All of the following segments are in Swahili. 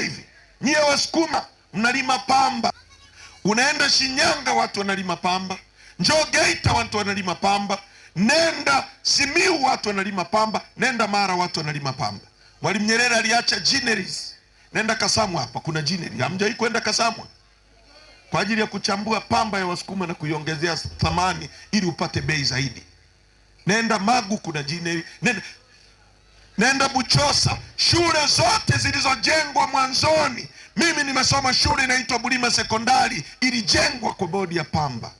hivi, nyie Wasukuma mnalima pamba, unaenda Shinyanga watu wanalima pamba, njoo Geita watu wanalima pamba, nenda Simiu watu wanalima pamba, nenda Mara watu wanalima pamba. Mwalimu Nyerere aliacha gineries. Nenda Kasamwa hapa kuna ginery. Hamjai kwenda Kasamwa kwa ajili ya kuchambua pamba ya Wasukuma na kuiongezea thamani ili upate bei zaidi. Nenda Magu kuna jineri Nenda naenda Buchosa, shule zote zilizojengwa mwanzoni. Mimi nimesoma shule inaitwa Bulima Sekondari, ilijengwa kwa bodi ya pamba.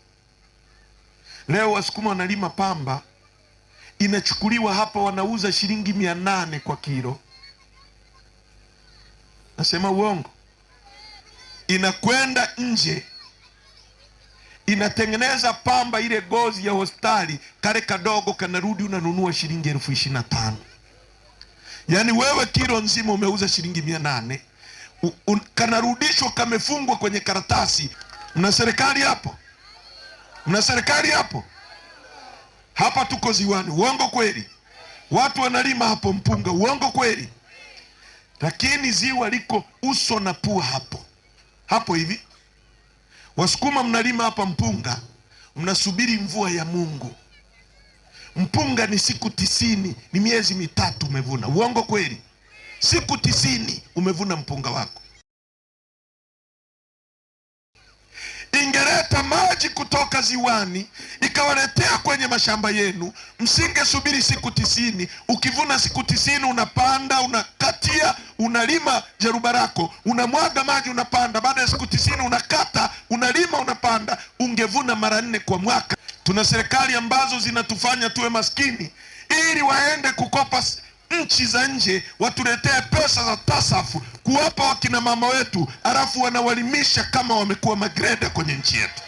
Leo wasukuma wanalima pamba, inachukuliwa hapa, wanauza shilingi mia nane kwa kilo. Nasema uongo? Inakwenda nje, inatengeneza pamba ile, gozi ya hospitali, kale kadogo kanarudi, unanunua shilingi elfu ishirini na tano. Yaani wewe kilo nzima umeuza shilingi mia nane kanarudishwa kamefungwa kwenye karatasi. Mna serikali hapo? Mna serikali hapo? Hapa tuko ziwani, uongo kweli? Watu wanalima hapo mpunga, uongo kweli? Lakini ziwa liko uso na pua hapo hapo hivi. Wasukuma mnalima hapa mpunga, mnasubiri mvua ya Mungu. Mpunga ni siku tisini, ni miezi mitatu umevuna. Uongo kweli? Siku tisini umevuna mpunga wako. Ingeleta maji kutoka ziwani ikawaletea kwenye mashamba yenu, msingesubiri siku tisini. Ukivuna siku tisini, unapanda unakatia, unalima jarubarako, unamwaga maji, unapanda. Baada ya siku tisini unakata, unalima, unapanda. Ungevuna mara nne kwa mwaka. Tuna serikali ambazo zinatufanya tuwe maskini ili waende kukopa nchi za nje watuletee pesa za tasafu kuwapa wakina mama wetu, halafu wanawalimisha kama wamekuwa magreda kwenye nchi yetu.